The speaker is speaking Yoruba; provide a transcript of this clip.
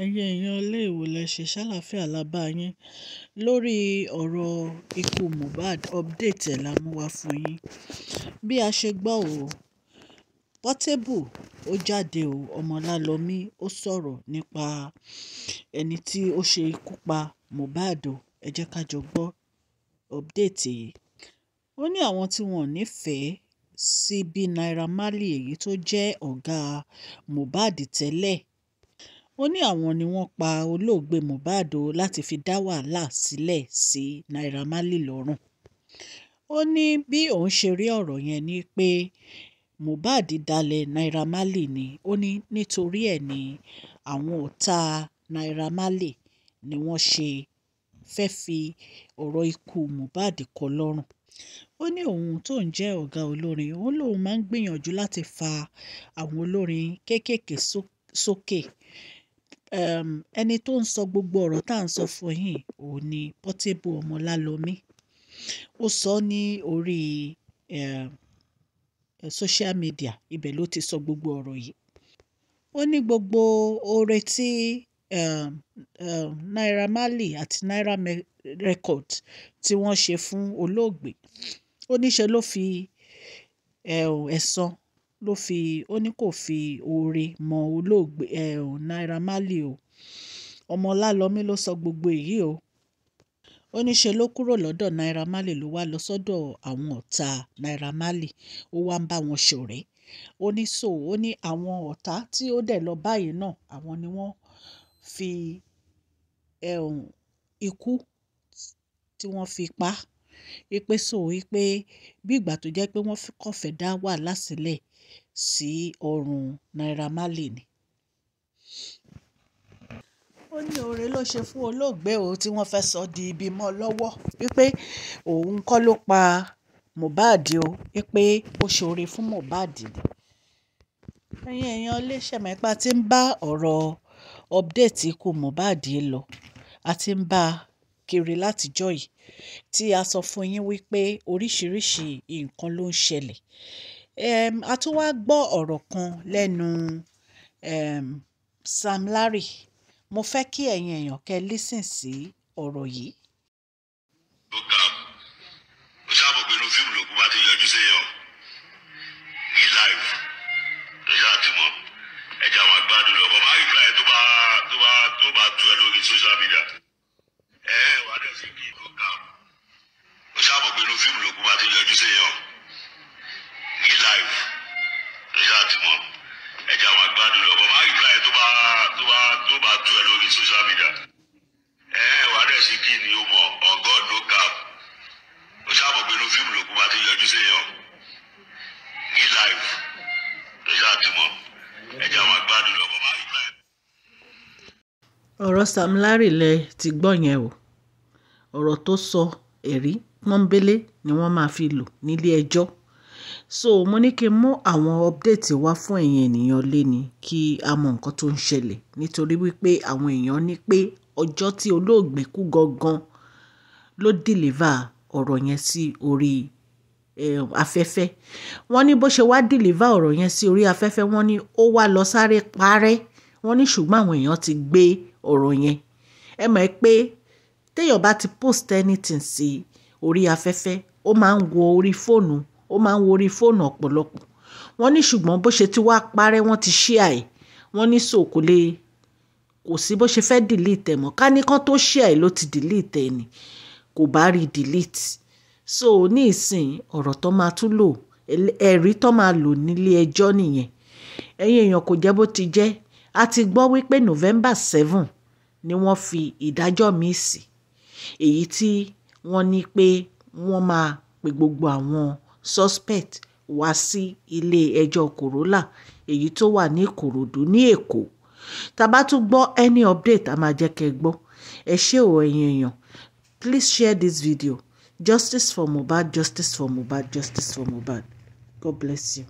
Ẹ̀yin èèyàn ilé èwo lẹ ṣe ṣáláfíà lábá yín. Lórí ọ̀rọ̀ ikú Mohbad, update ẹ̀ la mú wá fún yín. Bí a ṣe gbọ́ ò, Portable ó jáde o, Ọmọlálọmí ó sọ̀rọ̀ nípa ẹni tí ó ṣe ikú pa Mohbad o. Ẹ jẹ́ ká jọ gbọ́ update yìí. Ó ní àwọn tí wọ́n ò nífẹ̀ẹ́ sí bí Naira Marley èyí tó jẹ́ ọ̀gá Mohbad tẹ́lẹ̀ ó ní àwọn ni wọ́n pa olóògbé Mohbad o láti fi dá wàhálà sílẹ̀ sí Naira Marley lọ́rùn ó ní bí òun ṣe rí ọ̀rọ̀ yẹn ni pé Mohbad dalẹ̀ Naira Marley ni ó ní nítorí ẹ̀ ni àwọn ọ̀tá Naira Marley ni wọ́n ṣe fẹ́ fi ọ̀rọ̀ ikú Mohbad kọ́ lọ́rùn ó ní òun tó ń jẹ́ ọ̀gá olórin òun lòun máa ń gbìyànjú láti fa àwọn olórin kéékèèké sókè so, um ẹni tó ń sọ gbogbo ọ̀rọ̀ tá à ń sọ fún yín òun ni Portable ọmọ ó sọ ní orí um social media ibẹ̀ ló ti sọ gbogbo ọ̀rọ̀ yìí ó ní gbogbo oore tí um, um, Naira Marley àti Naira record tí wọ́n ṣe fún olóògbé ó níṣe ló fi ẹ̀sán ló fi ó ní kó fi oore mọ olóògbé eh, Naira Marley o ọmọ Ọlálọ́mí ló sọ gbogbo èyí o ó ní ṣe ló kúrò lọ́dọ̀ Naira Marley ló wá lọ sọ́dọ̀ àwọn ọ̀tá Naira Marley ó wá ń bá wọn ṣọ̀rẹ́ ó ní so ó ní àwọn ọ̀tá tí ó dẹ̀ lọ báyìí náà àwọn ni wọ́n fi ẹ̀hún ikú tí wọ́n fi pa á Wípé so wípé bí ìgbà tó jẹ́ pé wọ́n kàn fẹ́ dá wàhálà sílẹ̀ sí ọrùn Naira Marley ni. Ó ní oore ló ṣe fún olóògbé o tí wọ́n fẹ́ sọ di ibi mọ́ lọ́wọ́ wípé òun kọ́ ló pa Mohbad o wípé ó ṣe oore fún Mohbad ni. Ẹ̀yin èèyàn ilé ṣẹ̀ mo pe a tí ń bá ọ̀rọ̀ update ikú Mohbad lọ, a ti ń bá kiri látijọ́ yìí tí a sọ fún yín wípé oríṣiríṣi nǹkan ló ń ṣẹlẹ̀ um, a tún wá gbọ́ ọ̀rọ̀ kan lẹ́nu um, Sam Larry mo fẹ́ kí ẹ̀yin èèyàn kẹ́ lísìn sí ọ̀rọ̀ yìí. ó ga ó ṣàbò live ẹ̀yà àtìmọ̀ ẹ̀jẹ̀ àwọn agbádùn lọ́kọ̀ máa rí fúláyà tó bá tó bá tó bá tú ẹ lórí social media. láti mọ̀ ẹ̀jẹ̀ àwọn agbádùn lọ́kọ̀ máa rí fúláyẹ̀ tó bá tó bá tó bá tú ẹ lórí social media ẹ ẹ wà á dẹ̀ sí kí ni ó mọ̀ on God no cap ó ṣáà mọ̀ pé inú fíìmù lòkú máa ti yọjú séèyàn ní live ló ṣáà ti mọ̀ ẹ̀jẹ̀ àwọn agbádùn lọ́kọ̀ máa rí fúláyẹ̀. ọ̀rọ̀ Sam Larry lẹ ti gbọ́ yẹn o ọ̀rọ̀ tó sọ ẹ̀rí pọ́nbélé ni wọ́n máa fi lò nílé ẹjọ́ e So mo ní kí n mú àwọn update wá fún ẹ̀yin ènìyàn léni kí a mọ nǹkan tó ń ṣẹlẹ̀ nítorí wípé àwọn èèyàn ní pé ọjọ́ tí olóògbé kú gangan ló deliver ọ̀rọ̀ yẹn sí orí afẹ́fẹ́ wọ́n ní bó ṣe wá deliver ọ̀rọ̀ yẹn sí orí afẹ́fẹ́ wọ́n ní ó wá lọ sáré parẹ́ wọ́n ní ṣùgbọ́n àwọn èèyàn ti gbé ọ̀rọ̀ yẹn ẹ mọ̀ pé téèyàn bá ti post anything sí orí afẹ́fẹ́ ó máa ń wo orí fóònù ó máa ń worí fóònù ọ̀pọ̀lọpọ̀ wọ́n ní ṣùgbọ́n bó ṣe ti wá parẹ́ wọ́n ti ṣí àì wọ́n ní so kò lè kò sí bó ṣe fẹ́ delete ẹ̀ mọ́ ká ní kán tó ṣí àì ló ti delete ẹ̀ ni kò bá rí delete so ní ìsìn ọ̀rọ̀ tó máa tún lò ẹ̀rí tó máa lò nílé ẹjọ́ nìyẹn ẹ̀yin èèyàn kò jẹ́ bó ti jẹ́ a ti gbọ́ wípé November seven ni wọ́n fi ìdájọ́ mi sí èyí tí wọ́n ní pé wọ́n máa pe gbogbo àwọn suspect wá sí ilé ẹjọ́ corolla èyí tó wà ní ìkòròdú ní èkó tàbá tún gbọ́ any update a máa jẹ́ kẹ́ gbọ́ ẹ ṣé o ẹ̀yin èèyàn please share this video justice for mohbad justice for mohbad justice for mohbad god bless you.